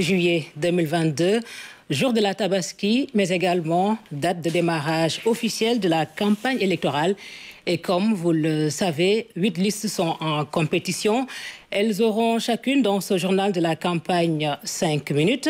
juillet 2022, jour de la Tabaski, mais également date de démarrage officiel de la campagne électorale. Et comme vous le savez, huit listes sont en compétition. Elles auront chacune dans ce journal de la campagne cinq minutes.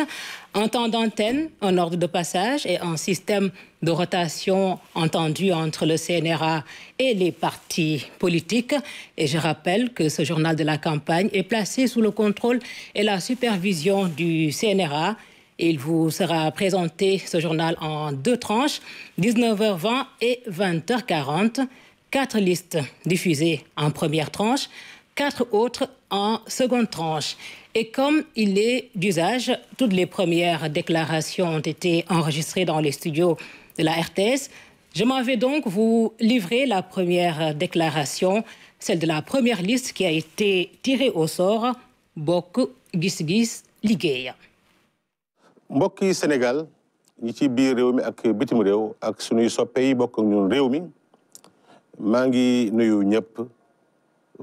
En temps d'antenne, en ordre de passage et en système de rotation entendu entre le CNRA et les partis politiques. Et je rappelle que ce journal de la campagne est placé sous le contrôle et la supervision du CNRA. Il vous sera présenté ce journal en deux tranches, 19h20 et 20h40. Quatre listes diffusées en première tranche, quatre autres en seconde tranche. Et comme il est d'usage, toutes les premières déclarations ont été enregistrées dans les studios de la RTS. Je m'en vais donc vous livrer la première déclaration, celle de la première liste qui a été tirée au sort, Bok Gisgis Gis Sénégal ci ak bitim ak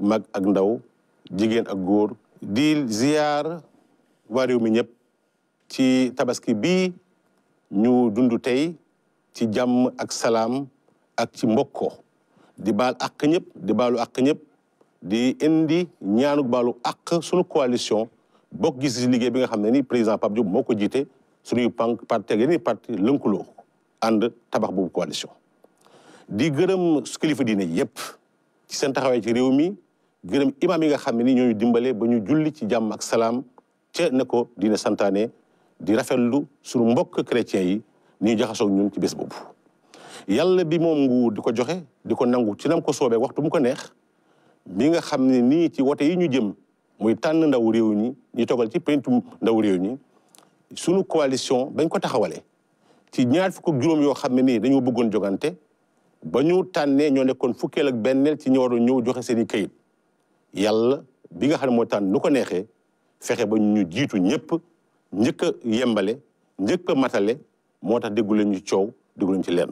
mag di ziar waa réew mi ñëpp ci tabaski bi ñu dund tey ci jàmm ak salaam ak ci mbokko di baal àq ñëpp di baalu àq ñëpp di indi ñaanu baalu àq sunu coalition bokk gis liggéey bi nga xam ne ni président ab Diop moo ko jiite suñuy pank parti ak yeneen parti lënkuloo ànd tabax boobu coalition di gërëm kilifa diine yëpp ci seen taxawaay ci réew mi gërëm imaam yi nga xam ne ni ñooñu dimbale ba ñu julli ci jàmm ak salaam ca ne ko dina santaane di rafetlu suñu mbokk chrétiens yi ni ñu jaxasoog ñun ci bés boobu yàlla bi moom nguur di ko joxe di ko nangu ci nam ko soobee waxtu mu ko neex mi nga xam ne nii ci wote yi ñu jëm muy tànn ndaw réew ñi ñu togal ci pentum ndaw réew ñi sunu coalition bañ ko taxawale ci ñaar fukk ak juróom yoo xam ne nii dañoo bëggoon jogante ba ñu tànnee ñoo nekkoon fukkeel ak benneel ci ñi ñëw joxe seen kayit yàlla bi nga xam ne mooy tànn nu ko neexee fexe ba ñu jiitu ñëpp njëkk a yembale njëkk a matale moo tax déggu leen ñu coow déggu leen ci lenn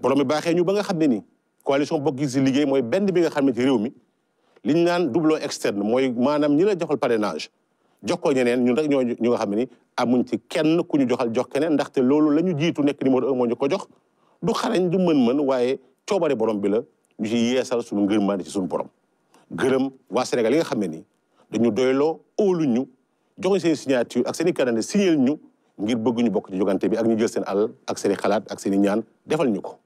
borom bi baaxee ñu ba nga xam ne ni coalition bokk gis liggéey mooy benn bi nga xam ne ci mi li naan doublon externe mooy maanaam ñi la joxal parrainage jox ko ñeneen ñun rek ñoo ñu nga xam ne ni amuñ ci kenn ku ñu joxal jox keneen ndaxte loolu la ñu jiitu nekk numéro un moo ñu ko jox du xarañ du mën-mën waaye coobare borom bi la ñu ci yeesal suñu ngërmande ci suñu borom gërëm waa Sénégal yi nga xam ne ni dañu doyloo óolu ñu joxe seen signature ak seen i candidat signal ñu ngir bëgg ñu bokk ci jogante bi ak ñu jël seen alal ak seen xalaat ak seen ñaan defal ñu ko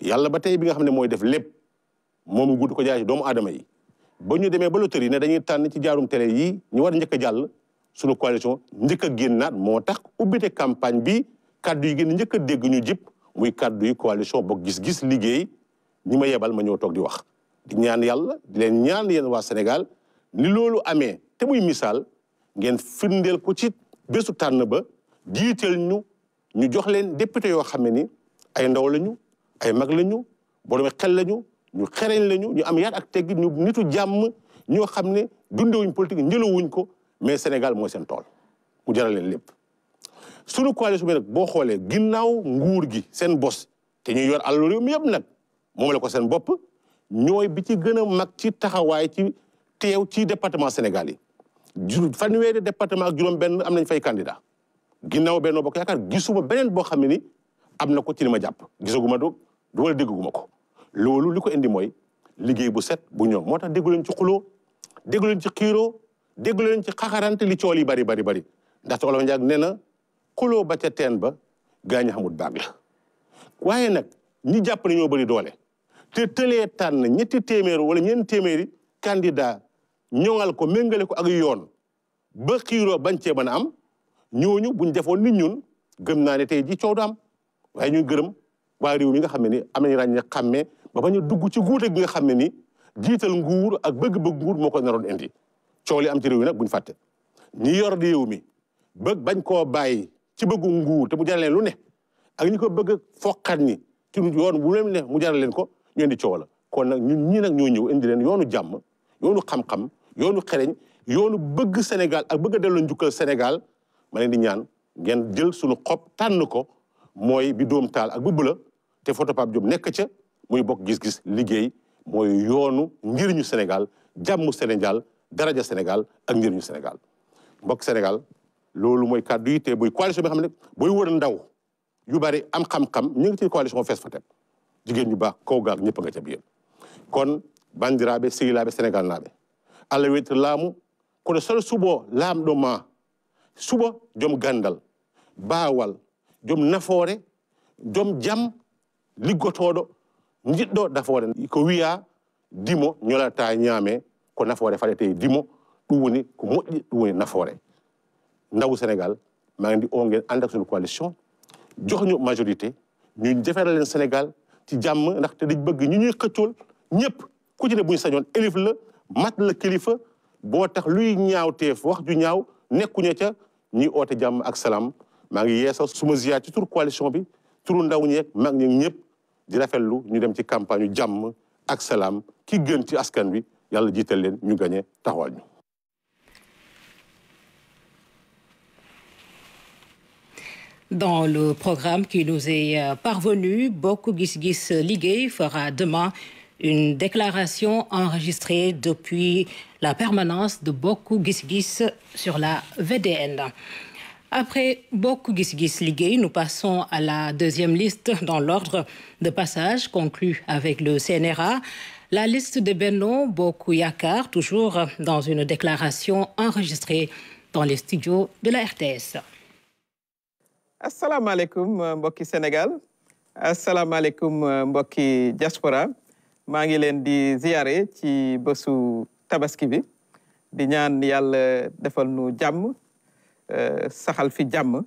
yàlla ba tey bi nga xam ne mooy def lépp moom gudd ko jaay ci doomu aadama yi boo ñu demee ba loterie ne dañuy tànn ci jaarum télé yi ñu war a njëkk a jàll suñu coalition njëkk a génnaat moo tax ubbite campagne bi kaddu yi gën njëkk a dégg ñu jib muy kaddu yi coalition bokk gis-gis liggéey ñi ma yebal ma ñëw toog di wax di ñaan yàlla di leen ñaan yéen waa Sénégal ni loolu amee te muy misaal ngeen firndeel ko ci bésu tànn ba jiiteel ñu ñu jox leen député yoo xam ne ni ay ndaw lañu ay mag lañu borom xel lañu ñu xereñ lañu ñu am yaat ak teggin ñu nitu jàmm ñoo xam ne dundewuñ politique njëlawuñ ko mais Sénégal mooy seen tool mu jaral leen lépp. sunu coalition bi nag boo xoolee ginnaaw nguur gi seen bos te ñuy yor alalu réew mi yëpp nag moom la ko seen bopp. ñooy bi ci gën a mag ci taxawaay ci teew ci département Sénégal yi jur fanweeri département ak juróom-benn am nañ fay candidat benn Benno Bokk Yaakaar gisuma beneen boo xam ne ni am na ko ci li ma jàpp gisaguma do wala déggaguma ko loolu li ko indi mooy liggéey bu set bu ñoom moo tax déggu leen ci xuloo déggu leen ci xiiroo déggu leen ci xaxarante li cool yi bari bari bari ndaxte olof njaag nee na xuloo ba ca teen ba gaañ xamul baag la waaye nag ñi jàpp ne ñoo bëri doole te tëlee tànn ñetti téeméer wala ñeenti téeméeri candidat ñoŋal ko méngale ko ak yoon ba xiiroo bañ cee mën a am ñooñu buñ defoon nit ñun gëm naa ne tey ji coow du am waaye ñu gërëm waa réew mi nga xam ne ni am nañu ràññee xàmmee ba bañ dugg ci guute gi nga xam ne ni jiital nguur ak bëgg-bëgg nguur moo ko naroon indi coow li am ci réew mi nag buñ fàtte ñi yor réew mi bëgg bañ koo bàyyi ci bëggu nguur te mu jaral lu ne ak ñu ko bëgg foqat ni ci yoon wu leen mu jaral leen ko ñu indi coow kon nag ñu ñii nag ñoo ñëw indi leen yoonu jàmm yoonu xam-xam yoonu xereñ yoonu bëgg Sénégal ak bëgg a delloo njukkal Sénégal ma leen di ñaan ngeen jël suñu xob tànn ko mooy bi doom taal ak bu bula te photo Pape nekk ca muy bokk gis-gis liggéey mooy yoonu njëriñu Sénégal jàmmu Sénégal daraja Sénégal ak njëriñu Sénégal mbokk Sénégal loolu mooy kàddu yi te buy coalition bi xam ne booy wër ndaw yu bari am xam-xam ñu ngi ci coalition fees fa teg jigéen ñu baax kaw gaak ñëpp nga ca biir kon bandiraɓe sehilaaɓe sénégal naaɓe allah wiyete laamu kono solo suɓo laamɗo ma suɓa joom gandal baawal joom nafoore joom jam liggotooɗo jiɗɗo nafoore ko wiya dimo ñolata ñaame ko nafoore faɗete dimo ɗum woni ko moƴƴi ɗum woni nafoore ndawu sénégal maa ndi o ngel annda coalition joxñu majorité ñu deferalen sénégal ci jamm ndax te dañ bëgg ñu ñuy xëccool ñëpp ku ci ne buñ sañoon élif la mat la kilifa boo tax luy ñaawteef wax ju ñaaw nekkuñe ca ñuy oote jàmm ak salaam maa ngi yeesal suma ziyaar ci tur coalition bi turu ndaw ñeeg mag ñeeg ñëpp di rafetlu ñu dem ci campagne jàmm ak salaam ki gën ci askan wi yàlla jiital leen ñu gañe taxawal ñu Dans le programme qui nous est euh, parvenu, Bokou Gisgis Ligue fera demain une déclaration enregistrée depuis la permanence de Boku Gisgis sur la VDN. Après Bokou Gisgis Ligue, nous passons à la deuxième liste dans l'ordre de passage conclu avec le CNRA. La liste de Benno Boku Yakar, toujours dans une déclaration enregistrée dans les studios de la RTS. asalaamaaleykum euh, mbokki Sénégal asalaamaaleykum euh, mbokki diaspora maa ngi leen di ziare ci bésu tabaski bi di ñaan yàlla defal nu jàmm euh, saxal fi jàmm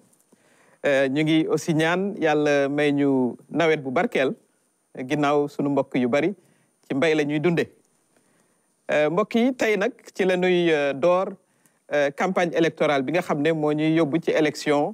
ñu ngi aussi ñaan yàlla may ñu nawet bu barkeel ginnaaw sunu mbokk yu bari ci mbay la ñuy dunde mbokk yi tey nag ci la ñuy door campagne électorale bi nga xam ne moo ñuy yóbbu ci élection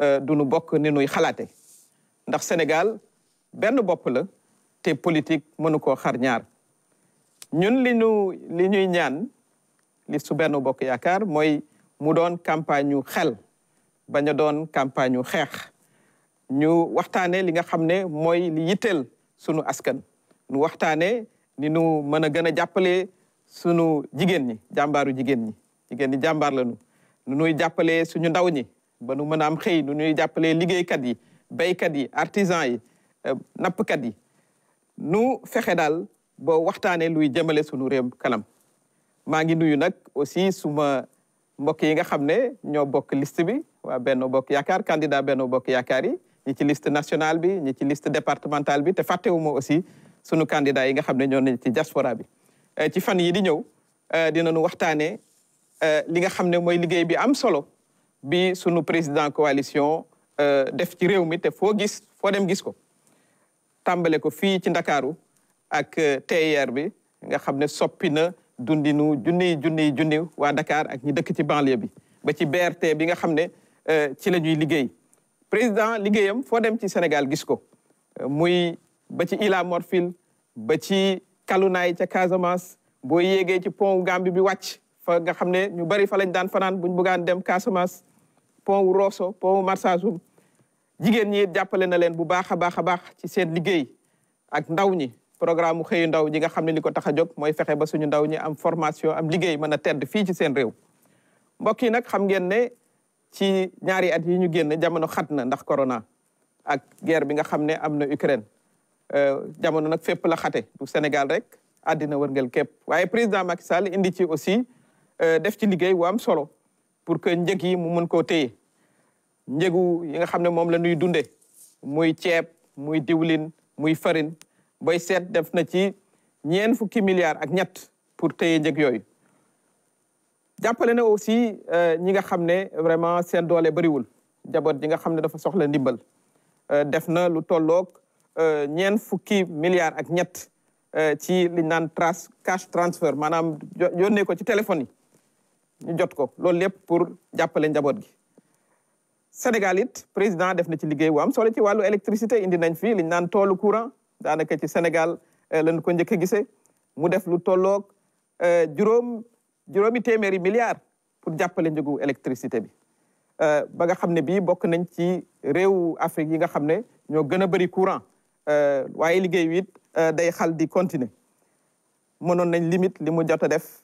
Euh, du nu bokk ni nuy xalaate ndax Sénégal benn bopp la te politique mënu koo xar ñaar ñun li li ñuy ñaan li su benn bokk yaakaar mooy mu doon campagne ñu xel bañ a doon campagne ñu xeex ñu waxtaane li nga xam ne mooy ni yitteel sunu askan nu waxtaane ni nu mën a gën a jàppale sunu jigéen ñi jàmbaaru jigéen ñi jigéen ñi jàmbaar la nu nu nuy jàppale suñu ndaw ñi ba nu mën a am xëy nu ñuy jàppalee liggéeykat yi béykat yi artisan yi euh, nappkat yi nu fexe daal boo waxtaanee luy jëmale sunu réew kanam maa ngi nuyu nag aussi suma mbokk yi nga xam ne ñoo bokk liste bi waa Benno Bokk Yaakaar candidat Benno Bokk Yaakaar yi ñi ci liste nationale bi ñi ci liste départementale bi te fàttewuma aussi sunu kandida yi nga xam ne ñoo ne ci jaspora bi euh, ci fan yi di ñëw euh, dinañu waxtaanee li nga xam ne mooy liggéey bi am solo bi sunu président coalition euh, def ci réew mi te foo gis foo dem gis ko tàmbale ko fii ci ndakaaru ak euh, TER bi nga xam ne soppi na dundinu junniy junni junni waa Dakar ak ñi dëkk ci banlieue bi ba ci BRT bi nga xam ne euh, ci la ñuy liggéey président liggéeyam foo dem ci Sénégal gis ko muy ba ci Ila Morphil ba ci Kalunaay ca Casamance boo yéegee ci pont gambi bi wàcc fa nga xam ne ñu bari fa lañ daan fanaan buñ buggaan dem Casamance pont wu Rosso pont wu Marsassoum jigéen ñi jàppale na leen bu baax a baax a baax ci seen liggéey ak ndaw ñi programme mu xëyu ndaw ñi nga xam ne li ko tax a jóg mooy fexe ba suñu ndaw ñi am formation am liggéey mën a tedd fii ci seen réew mbokk yi nag xam ngeen ne ci ñaari at yi ñu génn jamono xat na ndax corona ak guerre bi nga xam ne am na Ukraine euh, jamono nag fépp la xate du Sénégal rek àddina wërngël képp waaye président Macky Sall indi ci aussi euh, def ci liggéey wu am solo pour que njëg yi mu mën koo téye njëgu yi nga xam ne moom la nuy dunde muy ceeb muy diwlin muy farin bay seet def na ci ñeen fukki milliards ak ñett pour téye njëg yooyu jàppale na aussi euh, ñi nga xam ne vraiment seen doole bariwul jabot ji nga xam ne dafa soxla ndimbal euh, def na lu tolloog euh, ñeen fukki milliards ak ñett ci li naan trace cash transfer maanaam yónnee ko ci téléphone yi ñu jot ko loolu lépp pour jàppale njaboot gi Sénégal it président def na ci liggéey bu am solo ci wàllu électricité indi nañ fii liñ naan toolu courant daanaka ci Sénégal eh, lañ ko njëkk a gisee mu def lu tolloog eh, juróom juróomi téeméeri milliards pour jàppale njëgu électricité bi eh, ba nga xam ne bii bokk nañ ci réewu Afrique yi nga xam ne ñoo gën a bëri courant waaye liggéey wi it day xal di continuer mënoon nañ limite li mu jot a def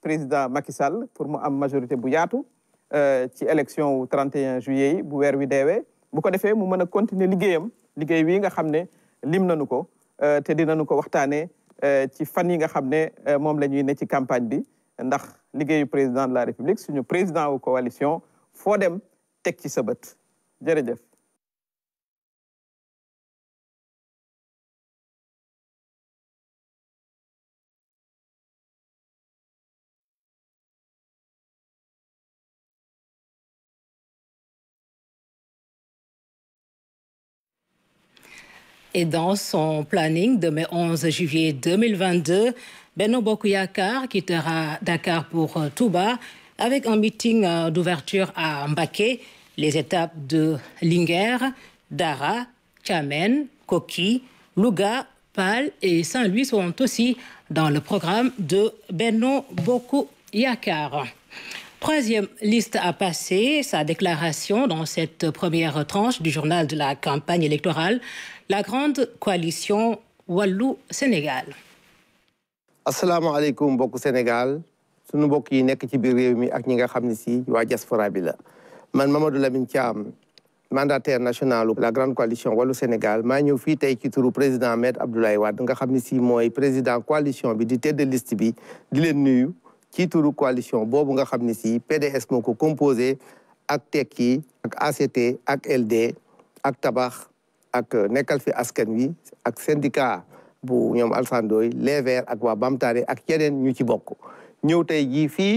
président Macky Sall pour moi, am majorité bu yaatu euh, ci élection au 31 juillet yi bu weer wi déwé bu ko défé mu continuer ligéyam ligéy wi nga xamné des lim nañu ko euh, dinañu ko waxtaanee euh, ci fan yi nga xamné mom lañuy né ci campagne bi ndax président de la république suñu président wu coalition fo dem teg ci sa Et dans son planning de mai 11 juillet 2022, Beno Bokuyakar quittera Dakar pour euh, Touba avec un meeting euh, d'ouverture à Mbake, les étapes de Linger, Dara, Chamen, Koki, Louga, Pal et Saint-Louis sont aussi dans le programme de Beno Bokuyakar. Troisième liste à passer, sa déclaration dans cette première tranche du journal de la campagne électorale la grande coalition Wallou-Sénégal. Assalamu alaikum, beaucoup Sénégal sunu mbokk yi nekk ci biir réew ak ñi nga diaspora bi la man Mamadou mandataire national de la grande coalition Wallou Sénégal maa et fii ci président Maître Abdoulaye Wad. nga xam si président coalition bi di tête de liste bi di nuyu ci coalition boobu nga PDS moko composé ak Tekki ak ACT ak LD ak Tabax ak euh, nekkal fi askan wi ak syndicat bu ñoom alsandooy les verts ak waa bamtaare ak yeneen ñu ci bokk ñëw tey jii fii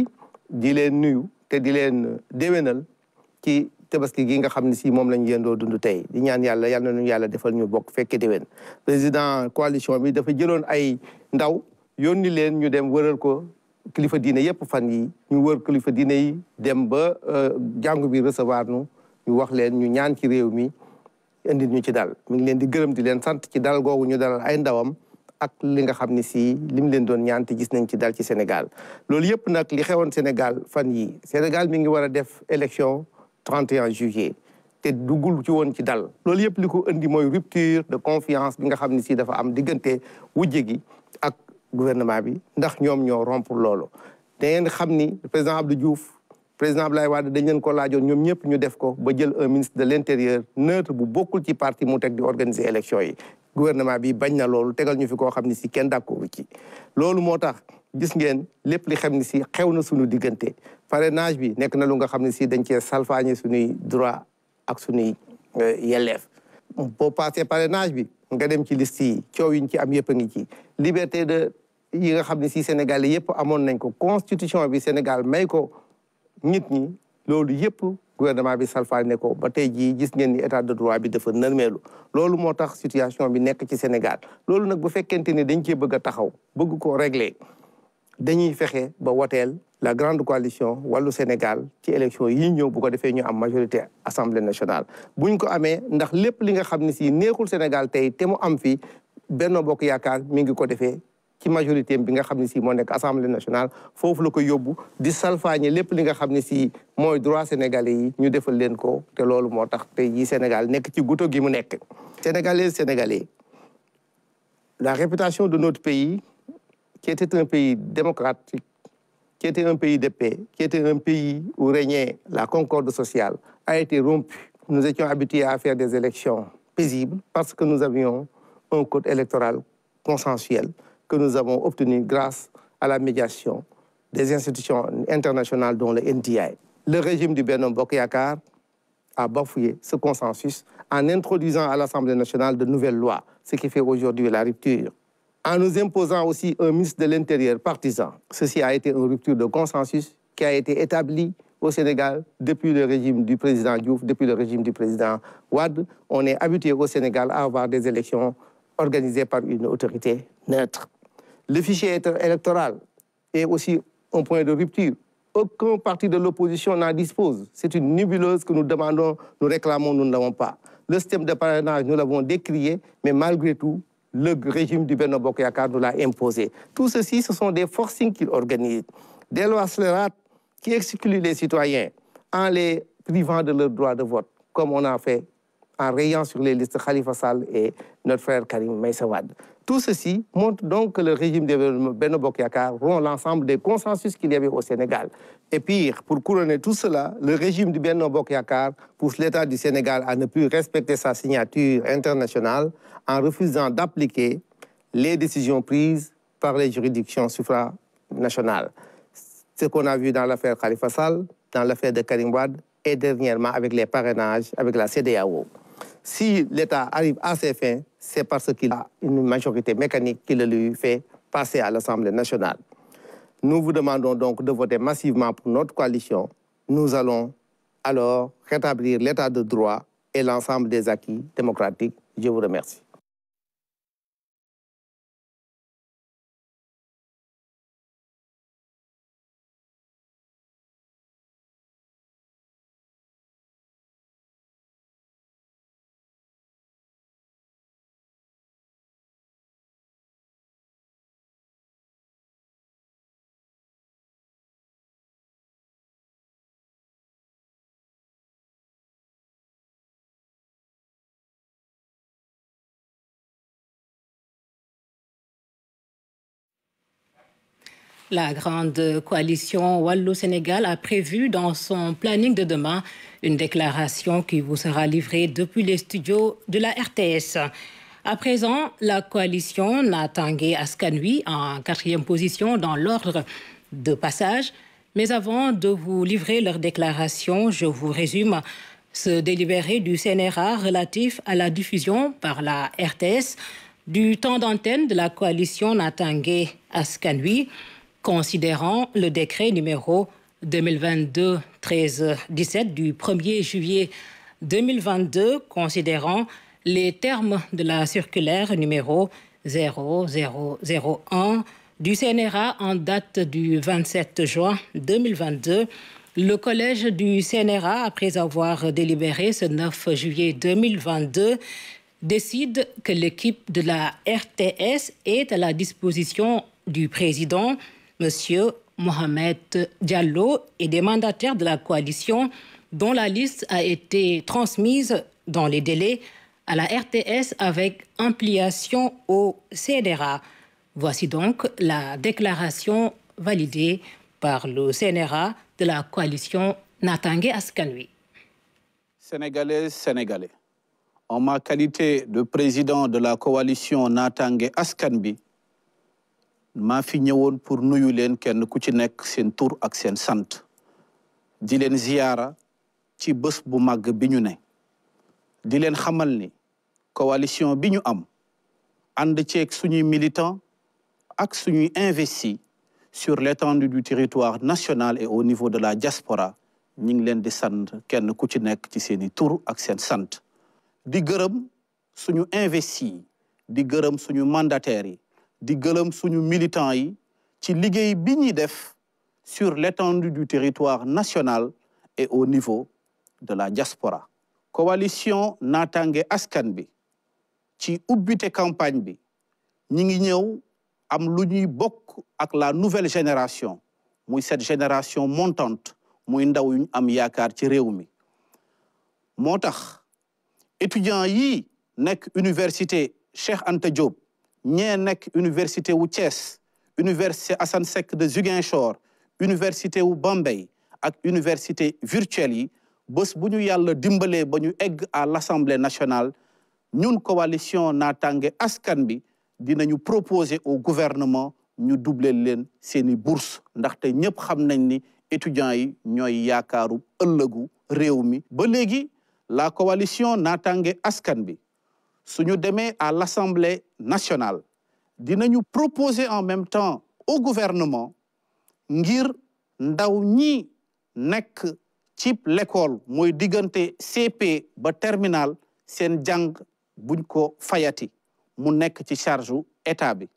di leen nuyu te di leen euh, déwénal ci tabaski gi nga xam ne si moom lañu yendoo dund tey di ñaan yàlla yal na yàlla defal ñu bokk fekke déwén président coalition bi dafa jëloon ay ndaw yónni leen ñu dem wëral ko kilifa diine yëpp fan yi ñu wër kilifa diine dem ba euh, jàngu bi recevoir nu ñu wax leen ñu ñaan ci réew mi indil ñu ci daal mi ngi leen di gërëm di leen sant ci dal googu ñu dal ay ndawam ak li nga xam ne si lim leen doon ñaante gis nañ ci dal ci Sénégal loolu yëpp nag li xewoon Sénégal fan yi Sénégal mi ngi war a def élection 31 juillet te duggul ci woon ci dal loolu yëpp li ko indi mooy rupture de confiance bi nga xam ne si dafa am diggante wu gi ak gouvernement bi ndax ñoom ñoo romp loolu da xam ni président Abdou Diouf président Abdoulaye Wade dañ leen ko laajoon ñoom ñëpp ñu def ko ba jël un ministre de l' intérieur neutre bu bokkul ci parti mu teg di organiser élection yi gouvernement bi bañ na loolu tegal ñu fi koo xam ne si kenn d'accord ci loolu moo tax gis ngeen lépp li xam ne si xew na suñu diggante parrainage bi nekk na lu nga xam ne si dañ cee salfaañe suñuy droit ak suñuy euh, yelleef boo passé parrainage bi nga dem ci liste yi coow yiñ ci am yëpp a ngi ci liberté de yi nga xam ne si Sénégal yëpp amoon nañ ko constitution bi Sénégal may ko nit ñi loolu yëpp gouvernement bi salfaane ko ba tey jii gis ngeen ni état de droit bi dafa nërmeelu loolu moo tax situation bi nekk ci Sénégal loolu nag bu fekkente ni dañ cee bëgg a taxaw bëgg koo régler dañuy fexe ba woteel la grande coalition wàllu Sénégal ci élection yi ñëw bu ko defee ñu am majorité assemblée nationale buñ ko amee ndax lépp li nga xam ne si neexul Sénégal tey te mu am fi benn Bokk Yaakaar mi ngi ko defee ci majorité bi nga xam ne si moo nekk assemblée nationale foofu la ko yóbbu di salfaañe lépp li nga xam ne si mooy droit sénégalais yi ñu defal leen ko te loolu moo tax tey Sénégal nekk ci guto gi mu nekk. Sénégalais Sénégalais la réputation de notre pays qui était un pays démocratique qui était un pays de paix qui était un pays où régnait la concorde sociale a été rompue. Nous étions habitués à faire des élections paisibles parce que nous avions un code électoral consensuel que nous avons obtenu grâce à la médiation des institutions internationales, dont le NDI. Le régime du Bénin Bokyakar a bafoué ce consensus en introduisant à l'Assemblée nationale de nouvelles lois, ce qui fait aujourd'hui la rupture. En nous imposant aussi un ministre de l'Intérieur partisan. Ceci a été une rupture de consensus qui a été établie au Sénégal depuis le régime du président Diouf, depuis le régime du président Ouad. On est habitué au Sénégal à avoir des élections organisées par une autorité neutre. Le fichier électoral est aussi un point de rupture. Aucun parti de l'opposition n'en dispose. C'est une nébuleuse que nous demandons, nous réclamons, nous n'avons pas. Le système de parrainage, nous l'avons décrié, mais malgré tout, le régime du Beno Bokoyakar nous l'a imposé. Tout ceci, ce sont des forcings qu'il organise. Des lois scélérates qui excluent les citoyens en les privant de leur droit de vote, comme on a fait en rayant sur les listes Khalifa Sall et notre frère Karim Maïsawad. Tout ceci montre donc que le régime de Benoît Bokyakar rompt l'ensemble des consensus qu'il y avait au Sénégal. Et pire, pour couronner tout cela, le régime de Benoît Bokyakar pousse l'État du Sénégal à ne plus respecter sa signature internationale en refusant d'appliquer les décisions prises par les juridictions supranationales. Ce qu'on a vu dans l'affaire Khalifa dans l'affaire de Karim et dernièrement avec les parrainages avec la CDAO. Si l'État arrive à ses fins, c'est parce qu'il a une majorité mécanique qui le lui fait passer à l'Assemblée nationale. Nous vous demandons donc de voter massivement pour notre coalition. Nous allons alors rétablir l'état de droit et l'ensemble des acquis démocratiques. Je vous remercie. La grande coalition Wallo-Sénégal a prévu dans son planning de demain une déclaration qui vous sera livrée depuis les studios de la RTS. À présent, la coalition Natangé Askanui en quatrième position dans l'ordre de passage. Mais avant de vous livrer leur déclaration, je vous résume ce délibéré du CNRA relatif à la diffusion par la RTS du temps d'antenne de la coalition Natangé Askanui considérant le décret numéro 2022 13 17 du 1er juillet 2022, considérant les termes de la circulaire numéro 0001 du CNRA en date du 27 juin 2022. Le collège du CNRA, après avoir délibéré ce 9 juillet 2022, décide que l'équipe de la RTS est à la disposition du président Monsieur Mohamed Diallo et des mandataires de la coalition dont la liste a été transmise dans les délais à la RTS avec ampliation au CNRA. Voici donc la déclaration validée par le CNRA de la coalition Natangé Askanui. Sénégalais, Sénégalais, en ma qualité de président de la coalition Natangé Askanbi, Ma fi ñewoon pour nuyu leen kenn ku ci nekk seen tour ak seen sant di leen ziyaara ci bés bu màgg bi ne di xamal ni coalition bi ñu am ànd ceeg militant ak investi sur l'étendue du territoire national et au niveau de la diaspora Nous ngi leen di sant kenn ku ci nekk ci tour ak seen sant di investi di suñu mandataires di gërëm suñu militants yi ci liggéey bi def sur l'étendue du territoire national et au niveau de la diaspora coalition Natangé askan bi ci ubbité campagne bi ñi ngi ñëw am lu bokk ak la nouvelle génération muy cette génération montante muy ndaw yuñ am yaakaar ci réew mi étudiant à étudiants yi nek université Cheikh Anta Diop nous, nekk université wu Thiès université Assane Sek de Ziguinchor université wu Bombay ak université virtuelle yi nous bu ñu egg à l'Assemblée nationale ñun coalition Naatangué Askan bi dinañu proposer au gouvernement ñu doubler leen bourses, bourse té ñëpp xam nañ ni étudiants yi ñoy yaakaaru ëllëgu réew mi ba légui la coalition Naatangué Askan bi nous sommes à l'Assemblée nationale Nous proposer en même temps au gouvernement ngir ndaw nek chip ci l'école moy diganté CP ba terminal sen jang buñ ko fayati mu nek ci charge état bi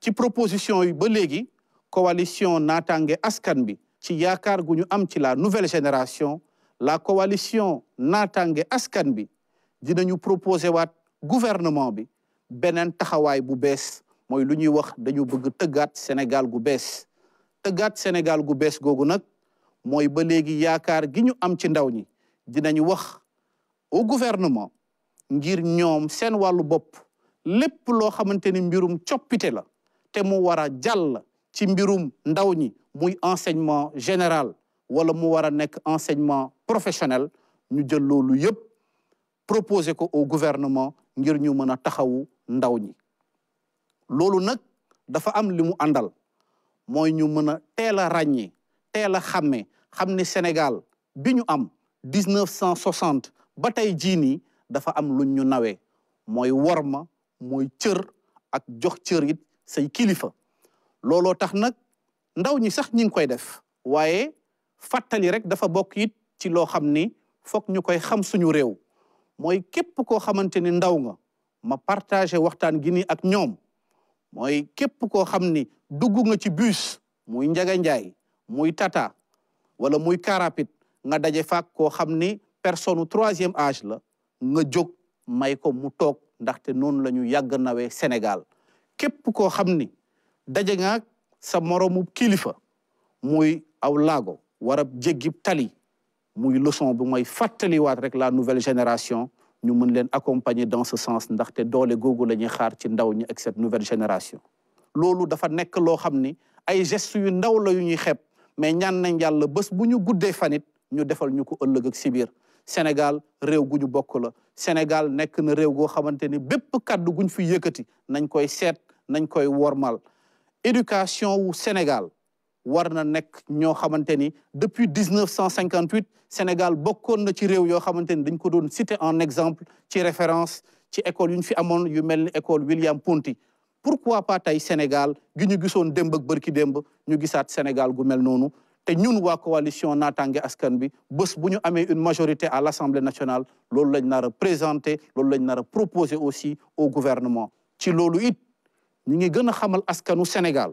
ci proposition yi ba légui coalition natangé askan bi ci yakar guñu am ci la nouvelle génération la coalition natangé askan bi dinañu proposé waat gouvernement bi beneen taxawaay bu bees mooy lu ñuy wax dañu bëgg tëggaat Sénégal gu bees tëggaat Sénégal gu bees googu nag mooy ba léegi yaakaar gi ñu am ci ndaw ñi dinañu wax au gouvernement ngir ñoom seen wàllu bopp lépp loo xamante ni mbirum coppite la te mu war a jàll ci mbirum ndaw ñi muy enseignement général wala mu war a nekk enseignement professionnel ñu jël loolu yëpp proposer ko au gouvernement ngir ñu mën a taxawu ndaw ñi loolu nag dafa am li mu àndal mooy ñu mën a teel a ràññee teel a xàmme xam ne Sénégal bi ñu am dix neuf cent soixante ba tey jii nii dafa am lu ñu nawee mooy worma mooy cër ak jox cër yit say kilifa looloo tax nag ndaw ñi sax ñi ngi koy def waaye fàttali rek dafa bokk it ci loo xam ni foog ñu koy xam suñu réew mooy képp koo xamante ne ndaw nga ma partagé waxtaan gi nii ak ñoom mooy képp koo xam ni dugg nga ci bus muy Njaga ndiay muy Tata wala muy Carapit nga daje faak koo xam ni personne troisième âge la nga jóg may ko mu toog ndaxte noonu la ñu yàgg nawee Sénégal képp koo xam ni daje nga sa moromu kilifa muy aw laago war a jéggib tali Nous leçon la nouvelle génération nous mën accompagner dans ce sens Nous dans les xaar nous cette nouvelle génération. loolu dafa nekk nous nous fait. ay nous mais ñaan nous bu nous des fanit nous nous ñu Sénégal réew Sénégal nous na réew de faire. Nous guñ fi sommes nañ koy quoi, nañ éducation Sénégal warna nek nekk ñoo depuis 1958 Sénégal bokkon na ci réew yo xamanteni dañ ko doon citer en exemple ci référence ci école une fi amone yu mel école William Ponty pourquoi pas tey Sénégal gi ñu gisoon démb ak barki demb ñu gisaat Sénégal gu mel nonu té ñun wa coalition naataange askan bi bëss bu amé une majorité à l'Assemblée nationale loolu lañ nar présenter loolu lañ nar proposer aussi au gouvernement ci loolu it ñi ngi gëna xamal askanu Sénégal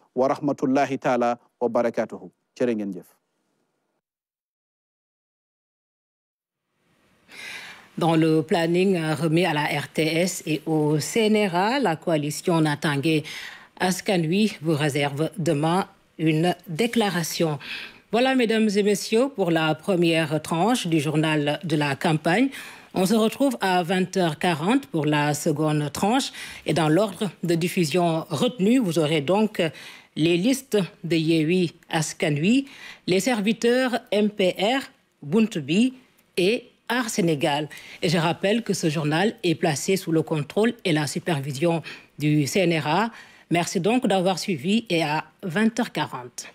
wa taala wa Dans le planning euh, remis à la RTS et au CNRA, la coalition Natangué Askanui vous réserve demain une déclaration. Voilà, mesdames et messieurs, pour la première tranche du journal de la campagne. On se retrouve à 20h40 pour la seconde tranche. Et dans l'ordre de diffusion retenu, vous aurez donc les listes de Yewi Askanui, les serviteurs MPR, Buntubi et Art Sénégal. Et je rappelle que ce journal est placé sous le contrôle et la supervision du CNRA. Merci donc d'avoir suivi et à 20h40.